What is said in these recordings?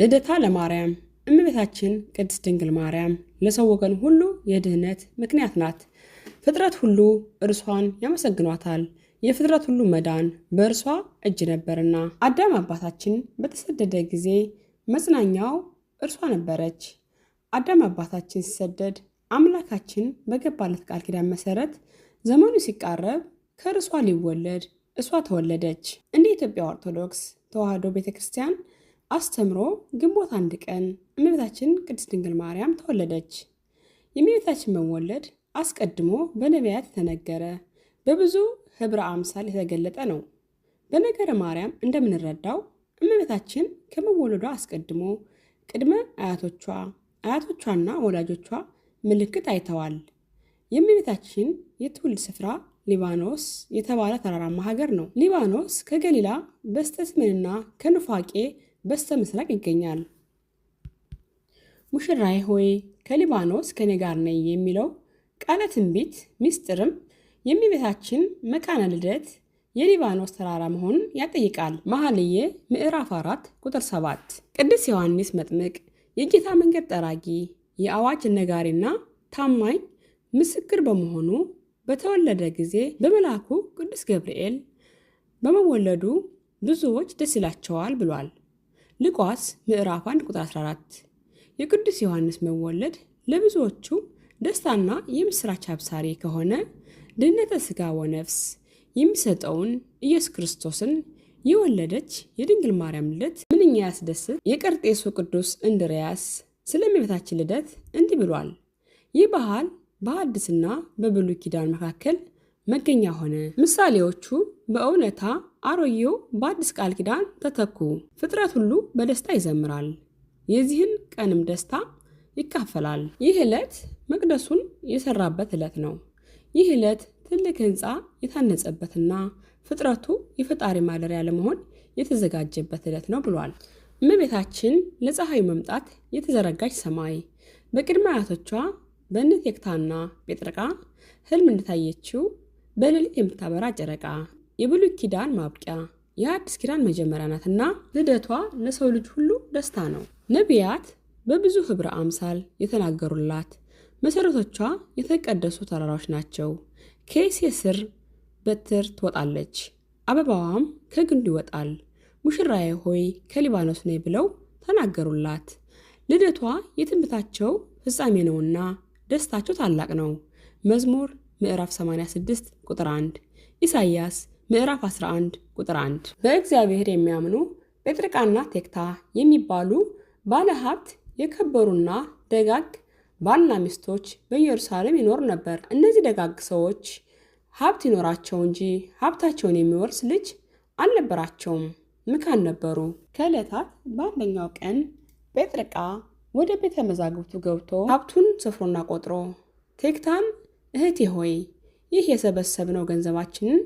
ልደታ ለማርያም እመቤታችን ቅድስት ድንግል ማርያም ለሰው ወገን ሁሉ የድህነት ምክንያት ናት። ፍጥረት ሁሉ እርሷን ያመሰግኗታል። የፍጥረት ሁሉ መዳን በእርሷ እጅ ነበርና አዳም አባታችን በተሰደደ ጊዜ መጽናኛው እርሷ ነበረች። አዳም አባታችን ሲሰደድ አምላካችን በገባለት ቃል ኪዳን መሰረት ዘመኑ ሲቃረብ ከእርሷ ሊወለድ እሷ ተወለደች። እንደ ኢትዮጵያ ኦርቶዶክስ ተዋህዶ ቤተ ክርስቲያን አስተምሮ ግንቦት አንድ ቀን እመቤታችን ቅድስት ድንግል ማርያም ተወለደች። የእመቤታችን መወለድ አስቀድሞ በነቢያት የተነገረ በብዙ ህብረ አምሳል የተገለጠ ነው። በነገረ ማርያም እንደምንረዳው እመቤታችን ከመወለዷ አስቀድሞ ቅድመ አያቶቿ አያቶቿና ወላጆቿ ምልክት አይተዋል። የእመቤታችን የትውልድ ስፍራ ሊባኖስ የተባለ ተራራማ ሀገር ነው። ሊባኖስ ከገሊላ በስተ ሰሜንና ከኑፋቄ በስተ ምስራቅ ይገኛል። ሙሽራዬ ሆይ ከሊባኖስ ከኔ ጋር ነይ የሚለው ቃለ ትንቢት ሚስጥርም የእመቤታችን መካነ ልደት የሊባኖስ ተራራ መሆኑን ያጠይቃል። መኃልየ ምዕራፍ አራት ቁጥር 7 ቅዱስ ዮሐንስ መጥምቅ የጌታ መንገድ ጠራጊ የአዋጅ ነጋሪና ታማኝ ምስክር በመሆኑ በተወለደ ጊዜ በመልአኩ ቅዱስ ገብርኤል በመወለዱ ብዙዎች ደስ ይላቸዋል ብሏል። ሉቃስ ምዕራፍ 1 ቁጥር 14 የቅዱስ ዮሐንስ መወለድ ለብዙዎቹ ደስታና የምስራች አብሳሪ ከሆነ ድህነተ ስጋ ወነፍስ የሚሰጠውን ኢየሱስ ክርስቶስን የወለደች የድንግል ማርያም ልደት ምንኛ ያስደስት! የቀርጤሱ ቅዱስ እንድርያስ ስለ እመቤታችን ልደት እንዲህ ብሏል። ይህ ባህል በአዲስና በብሉይ ኪዳን መካከል መገኛ ሆነ። ምሳሌዎቹ በእውነታ አሮጌው በአዲስ ቃል ኪዳን ተተኩ። ፍጥረት ሁሉ በደስታ ይዘምራል፣ የዚህን ቀንም ደስታ ይካፈላል። ይህ ዕለት መቅደሱን የሰራበት ዕለት ነው። ይህ ዕለት ትልቅ ሕንፃ የታነጸበትና ፍጥረቱ የፈጣሪ ማደሪያ ለመሆን የተዘጋጀበት ዕለት ነው ብሏል። እመቤታችን ለፀሐዩ መምጣት የተዘረጋች ሰማይ በቅድመ አያቶቿ በእነ ቴክታና ጴጥርቃ ህልም እንደታየችው በሌሊት የምታበራ ጨረቃ የብሉይ ኪዳን ማብቂያ የአዲስ ኪዳን መጀመሪያ ናትና ልደቷ ለሰው ልጅ ሁሉ ደስታ ነው። ነቢያት በብዙ ኅብረ አምሳል የተናገሩላት መሠረቶቿ የተቀደሱ ተራራዎች ናቸው። ከይሴ ስር በትር ትወጣለች፣ አበባዋም ከግንዱ ይወጣል። ሙሽራዬ ሆይ ከሊባኖስ ነይ ብለው ተናገሩላት። ልደቷ የትንቢታቸው ፍጻሜ ነውና ደስታቸው ታላቅ ነው። መዝሙር ምዕራፍ 86 ቁጥር 1፣ ኢሳይያስ ምዕራፍ 11 ቁጥር 1። በእግዚአብሔር የሚያምኑ ጴጥርቃና ቴክታ የሚባሉ ባለ ሀብት የከበሩና ደጋግ ባልና ሚስቶች በኢየሩሳሌም ይኖር ነበር። እነዚህ ደጋግ ሰዎች ሀብት ይኖራቸው እንጂ ሀብታቸውን የሚወርስ ልጅ አልነበራቸውም፣ ምካን ነበሩ። ከዕለታት በአንደኛው ቀን ጴጥርቃ ወደ ቤተ መዛግብቱ ገብቶ ሀብቱን ሰፍሮና ቆጥሮ ቴክታን እህቴ ሆይ ይህ የሰበሰብነው ገንዘባችንን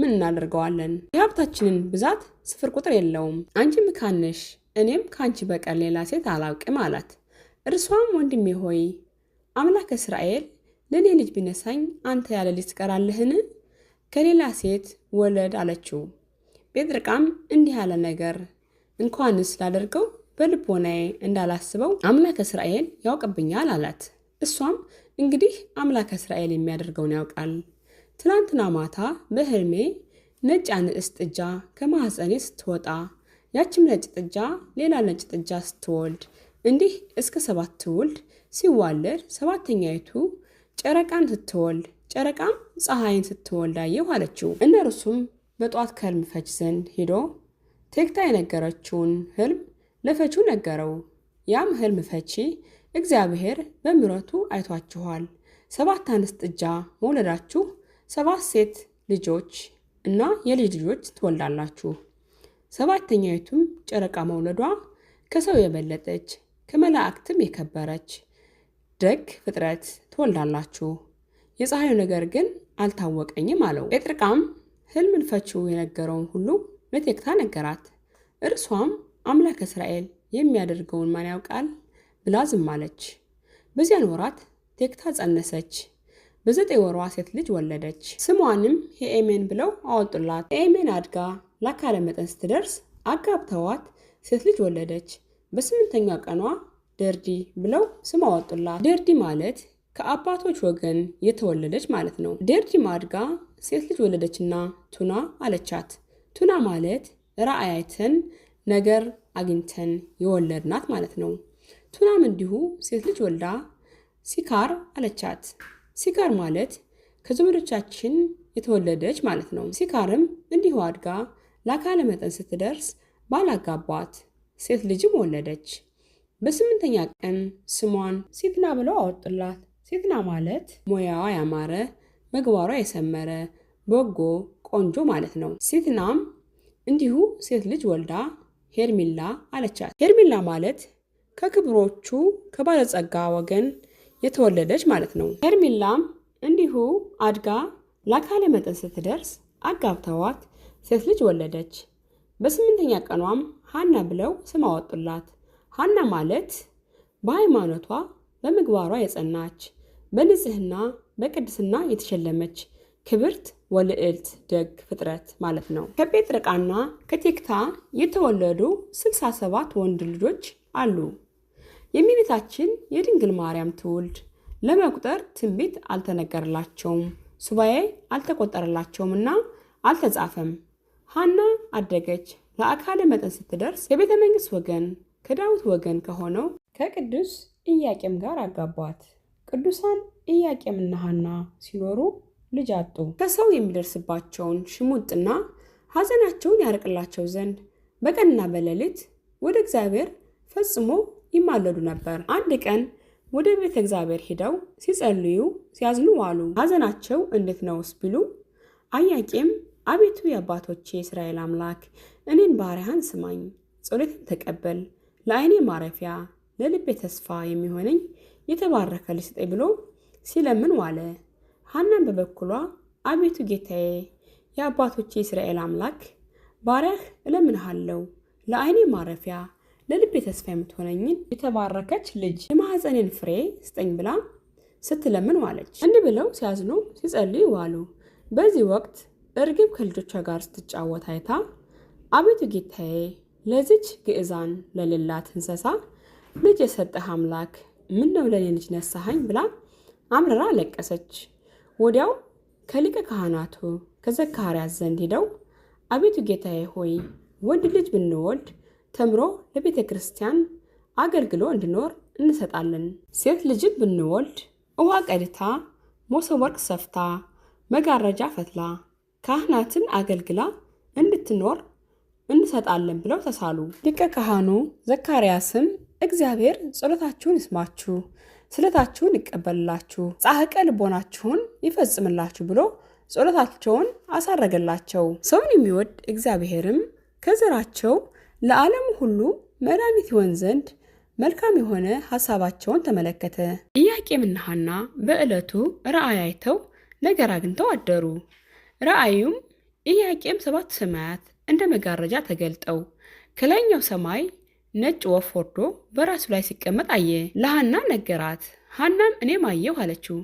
ምን እናደርገዋለን? የሀብታችንን ብዛት ስፍር ቁጥር የለውም። አንቺም ካንሽ እኔም ከአንቺ በቀር ሌላ ሴት አላውቅም አላት። እርሷም ወንድሜ ሆይ አምላክ እስራኤል ለእኔ ልጅ ቢነሳኝ አንተ ያለ ልጅ ትቀራለህን? ከሌላ ሴት ወለድ አለችው። ጴጥርቃም እንዲህ ያለ ነገር እንኳንስ ላደርገው በልቦናዬ እንዳላስበው አምላክ እስራኤል ያውቅብኛል አላት። እሷም እንግዲህ አምላከ እስራኤል የሚያደርገውን ያውቃል። ትላንትና ማታ በህልሜ ነጭ አንስት ጥጃ ከማኅፀኔ ስትወጣ ያችም ነጭ ጥጃ ሌላ ነጭ ጥጃ ስትወልድ እንዲህ እስከ ሰባት ትውልድ ሲዋለድ ሰባተኛይቱ ጨረቃን ስትወልድ ጨረቃም ፀሐይን ስትወልድ አየሁ አለችው። እነርሱም በጧት ከሕልም ፈች ዘንድ ሄዶ ቴክታ የነገረችውን ህልም ለፈቹ ነገረው። ያም ህልም ፈቺ እግዚአብሔር በምሕረቱ አይቷችኋል። ሰባት አንስት ጥጃ መውለዳችሁ ሰባት ሴት ልጆች እና የልጅ ልጆች ትወልዳላችሁ። ሰባተኛይቱም ጨረቃ መውለዷ ከሰው የበለጠች ከመላእክትም የከበረች ደግ ፍጥረት ትወልዳላችሁ። የፀሐዩ ነገር ግን አልታወቀኝም አለው። ጴጥርቃም ሕልምን ፈቺው የነገረውን ሁሉ ለቴክታ ነገራት። እርሷም አምላክ እስራኤል የሚያደርገውን ማን ያውቃል ብላ ዝም አለች። በዚያን ወራት ቴክታ ጸነሰች። በዘጠኝ ወሯ ሴት ልጅ ወለደች። ስሟንም የኤሜን ብለው አወጡላት። ኤሜን አድጋ ለአካለ መጠን ስትደርስ አጋብተዋት ሴት ልጅ ወለደች። በስምንተኛ ቀኗ ደርዲ ብለው ስም አወጡላት። ደርዲ ማለት ከአባቶች ወገን የተወለደች ማለት ነው። ደርዲ አድጋ ሴት ልጅ ወለደችና ቱና አለቻት። ቱና ማለት ራእይ አይተን ነገር አግኝተን የወለድናት ማለት ነው። ቱናም እንዲሁ ሴት ልጅ ወልዳ ሲካር አለቻት። ሲካር ማለት ከዘመዶቻችን የተወለደች ማለት ነው። ሲካርም እንዲሁ አድጋ ለአካለ መጠን ስትደርስ ባላጋቧት ሴት ልጅም ወለደች። በስምንተኛ ቀን ስሟን ሴትና ብለው አወጡላት። ሴትና ማለት ሙያዋ ያማረ ምግባሯ የሰመረ በጎ ቆንጆ ማለት ነው። ሴትናም እንዲሁ ሴት ልጅ ወልዳ ሄርሚላ አለቻት። ሄርሚላ ማለት ከክብሮቹ ከባለጸጋ ወገን የተወለደች ማለት ነው። ሄርሜላም እንዲሁ አድጋ ለአካለ መጠን ስትደርስ አጋብተዋት ሴት ልጅ ወለደች። በስምንተኛ ቀኗም ሀና ብለው ስም አወጡላት። ሐና ማለት በሃይማኖቷ በምግባሯ የጸናች በንጽህና በቅድስና የተሸለመች ክብርት ወልዕልት ደግ ፍጥረት ማለት ነው። ከጴጥርቃና ከቴክታ የተወለዱ ስልሳ ሰባት ወንድ ልጆች አሉ። የእመቤታችን የድንግል ማርያም ትውልድ ለመቁጠር ትንቢት አልተነገርላቸውም፣ ሱባኤ አልተቆጠረላቸውምና አልተጻፈም። ሐና አደገች። ለአካለ መጠን ስትደርስ የቤተ መንግሥት ወገን ከዳዊት ወገን ከሆነው ከቅዱስ እያቄም ጋር አጋቧት። ቅዱሳን እያቄምና ሐና ሲኖሩ ልጅ አጡ። ከሰው የሚደርስባቸውን ሽሙጥና ሐዘናቸውን ያርቅላቸው ዘንድ በቀንና በሌሊት ወደ እግዚአብሔር ፈጽሞ ይማለዱ ነበር። አንድ ቀን ወደ ቤተ እግዚአብሔር ሄደው ሲጸልዩ ሲያዝኑ ዋሉ። ሐዘናቸው እንዴት ነውስ ቢሉ አያቄም አቤቱ የአባቶቼ የእስራኤል አምላክ እኔን ባሪያህን ስማኝ፣ ጸሎቴን ተቀበል፣ ለዓይኔ ማረፊያ ለልቤ ተስፋ የሚሆነኝ የተባረከ ልጅ ስጠኝ ብሎ ሲለምን ዋለ። ሐናን በበኩሏ አቤቱ ጌታዬ የአባቶቼ የእስራኤል አምላክ ባሪያህ እለምንሃለው፣ ለዓይኔ ማረፊያ ለልቤ ተስፋ የምትሆነኝን የተባረከች ልጅ የማህፀኔን ፍሬ ስጠኝ ብላ ስትለምን ዋለች። እንዲህ ብለው ሲያዝኑ ሲጸልዩ ዋሉ። በዚህ ወቅት እርግብ ከልጆቿ ጋር ስትጫወት አይታ አቤቱ ጌታዬ ለዚች ግዕዛን ለሌላት እንስሳ ልጅ የሰጠህ አምላክ ምን ነው ለእኔ ልጅ ነሳሀኝ ብላ አምርራ አለቀሰች። ወዲያው ከሊቀ ካህናቱ ከዘካርያስ ዘንድ ሄደው አቤቱ ጌታዬ ሆይ ወንድ ልጅ ብንወልድ ተምሮ ለቤተ ክርስቲያን አገልግሎ እንዲኖር እንሰጣለን። ሴት ልጅን ብንወልድ ውሃ ቀድታ፣ ሞሰብ ወርቅ ሰፍታ፣ መጋረጃ ፈትላ፣ ካህናትን አገልግላ እንድትኖር እንሰጣለን ብለው ተሳሉ። ሊቀ ካህኑ ዘካርያስም እግዚአብሔር ጸሎታችሁን ይስማችሁ፣ ስለታችሁን ይቀበልላችሁ፣ ጻሕቀ ልቦናችሁን ይፈጽምላችሁ ብሎ ጸሎታቸውን አሳረገላቸው። ሰውን የሚወድ እግዚአብሔርም ከዘራቸው ለዓለም ሁሉ መድኃኒት ይሆን ዘንድ መልካም የሆነ ሐሳባቸውን ተመለከተ። ኢያቄምና ሐና በዕለቱ ራእይ አይተው ነገር አግኝተው አደሩ። ራእዩም ኢያቄም ሰባት ሰማያት እንደ መጋረጃ ተገልጠው ከላይኛው ሰማይ ነጭ ወፍ ወርዶ በራሱ ላይ ሲቀመጥ አየ። ለሐና ነገራት። ሐናም እኔም አየሁ አለችው።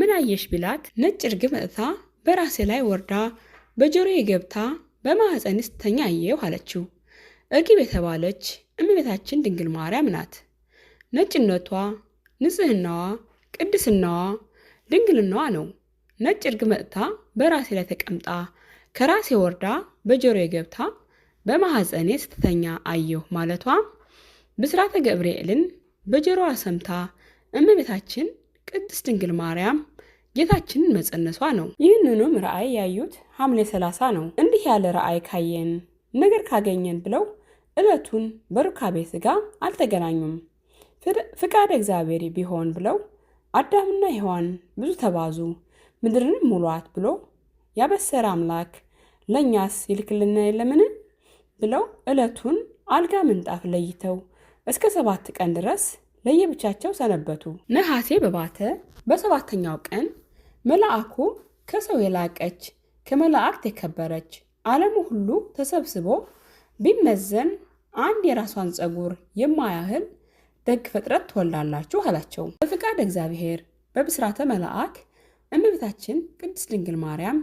ምን አየሽ ቢላት ነጭ ርግብ መጥታ በራሴ ላይ ወርዳ በጆሮዬ ገብታ በማኅፀኔ ስተኛ አየሁ አለችው። እርግብ የተባለች እመቤታችን ድንግል ማርያም ናት። ነጭነቷ፣ ንጽህናዋ፣ ቅድስናዋ፣ ድንግልናዋ ነው። ነጭ እርግብ መጥታ በራሴ ላይ ተቀምጣ ከራሴ ወርዳ በጆሮ የገብታ በማሐፀኔ ስትተኛ አየሁ ማለቷ ብስራተ ገብርኤልን በጆሮዋ ሰምታ እመቤታችን ቅድስት ድንግል ማርያም ጌታችንን መጸነሷ ነው። ይህንኑም ራእይ ያዩት ሐምሌ 30 ነው። እንዲህ ያለ ራእይ ካየን ነገር ካገኘን ብለው ዕለቱን በሩካቤ ሥጋ አልተገናኙም። ፍቃደ እግዚአብሔር ቢሆን ብለው አዳምና ሔዋን ብዙ ተባዙ፣ ምድርንም ሙሏት ብሎ ያበሰረ አምላክ ለእኛስ ይልክልና የለምን ብለው ዕለቱን አልጋ ምንጣፍ ለይተው እስከ ሰባት ቀን ድረስ ለየብቻቸው ሰነበቱ። ነሐሴ በባተ በሰባተኛው ቀን መልአኩ ከሰው የላቀች ከመላእክት የከበረች ዓለሙ ሁሉ ተሰብስቦ ቢመዘን አንድ የራሷን ጸጉር የማያህል ደግ ፍጥረት ትወልዳላችሁ አላቸው። በፍቃድ እግዚአብሔር በብስራተ መልአክ እመቤታችን ቅድስት ድንግል ማርያም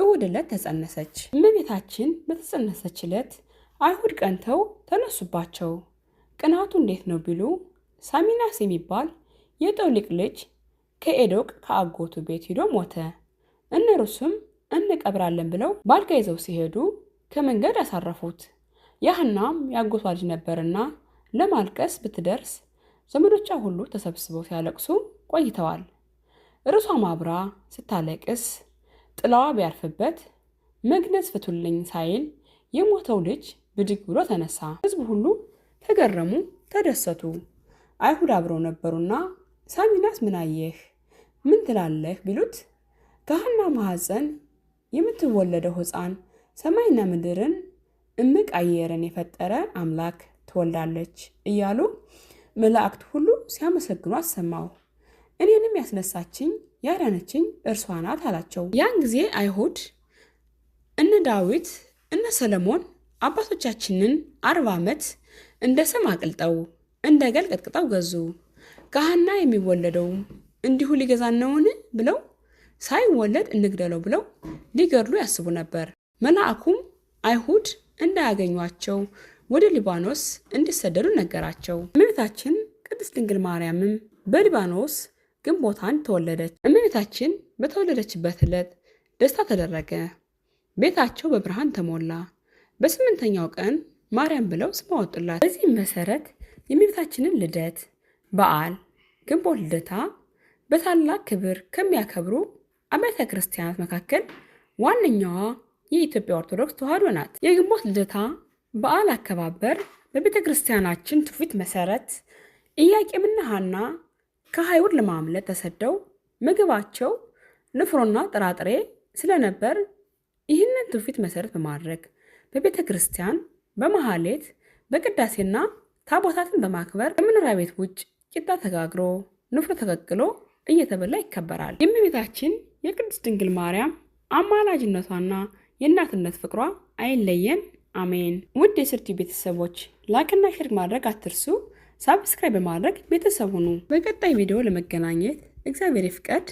እሁድ ዕለት ተጸነሰች። እመቤታችን በተጸነሰች ዕለት አይሁድ ቀንተው ተነሱባቸው። ቅናቱ እንዴት ነው ቢሉ ሳሚናስ የሚባል የጠውሊቅ ልጅ ከኤዶቅ ከአጎቱ ቤት ሂዶ ሞተ። እነርሱም እንቀብራለን ብለው ባልጋ ይዘው ሲሄዱ ከመንገድ አሳረፉት። ያህናም ያጎቷ ልጅ ነበርና ለማልቀስ ብትደርስ ዘመዶቿ ሁሉ ተሰብስበው ሲያለቅሱ ቆይተዋል። እርሷም አብራ ስታለቅስ ጥላዋ ቢያርፍበት መግነዝ ፍቱልኝ ሳይል የሞተው ልጅ ብድግ ብሎ ተነሳ። ህዝቡ ሁሉ ተገረሙ፣ ተደሰቱ። አይሁድ አብረው ነበሩና ሳሚናስ ምን አየህ? ምን ትላለህ ቢሉት ከሐና ማኅፀን የምትወለደው ሕፃን ሰማይና ምድርን እምቅ አየርን የፈጠረ አምላክ ትወልዳለች እያሉ መላእክት ሁሉ ሲያመሰግኑ አሰማሁ። እኔንም ያስነሳችኝ ያዳነችኝ እርሷ ናት አላቸው። ያን ጊዜ አይሁድ እነ ዳዊት እነ ሰለሞን አባቶቻችንን አርባ ዓመት እንደ ሰም አቅልጠው እንደ ገል ቀጥቅጠው ገዙ። ካህና የሚወለደው እንዲሁ ሊገዛን ነውን ብለው ሳይወለድ እንግደለው ብለው ሊገድሉ ያስቡ ነበር። መልአኩም አይሁድ እንዳያገኟቸው ወደ ሊባኖስ እንዲሰደዱ ነገራቸው። እመቤታችን ቅድስት ድንግል ማርያምም በሊባኖስ ግንቦት አንድ ተወለደች። እመቤታችን በተወለደችበት ዕለት ደስታ ተደረገ። ቤታቸው በብርሃን ተሞላ። በስምንተኛው ቀን ማርያም ብለው ስም አወጡላት። በዚህም መሰረት የእመቤታችንን ልደት በዓል ግንቦት ልደታ በታላቅ ክብር ከሚያከብሩ አብያተ ክርስቲያናት መካከል ዋነኛዋ የኢትዮጵያ ኦርቶዶክስ ተዋሕዶ ናት። የግንቦት ልደታ በዓል አከባበር በቤተ ክርስቲያናችን ትውፊት መሰረት ኢያቄምና ሐና ከአይሁድ ለማምለጥ ተሰደው ምግባቸው ንፍሮና ጥራጥሬ ስለነበር ይህንን ትውፊት መሰረት በማድረግ በቤተ ክርስቲያን በመሐሌት በቅዳሴና ታቦታትን በማክበር ከመኖሪያ ቤት ውጭ ቂጣ ተጋግሮ ንፍሮ ተቀቅሎ እየተበላ ይከበራል። የእመቤታችን የቅድስት ድንግል ማርያም አማላጅነቷና የእናትነት ፍቅሯ አይለየን። አሜን። ውድ የስርቲ ቤተሰቦች ላክና ሼር ማድረግ አትርሱ። ሳብስክራይብ በማድረግ ቤተሰብ ሁኑ። በቀጣይ ቪዲዮ ለመገናኘት እግዚአብሔር ይፍቀድ።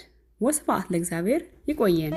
ወስብሐት ለእግዚአብሔር። ይቆየን።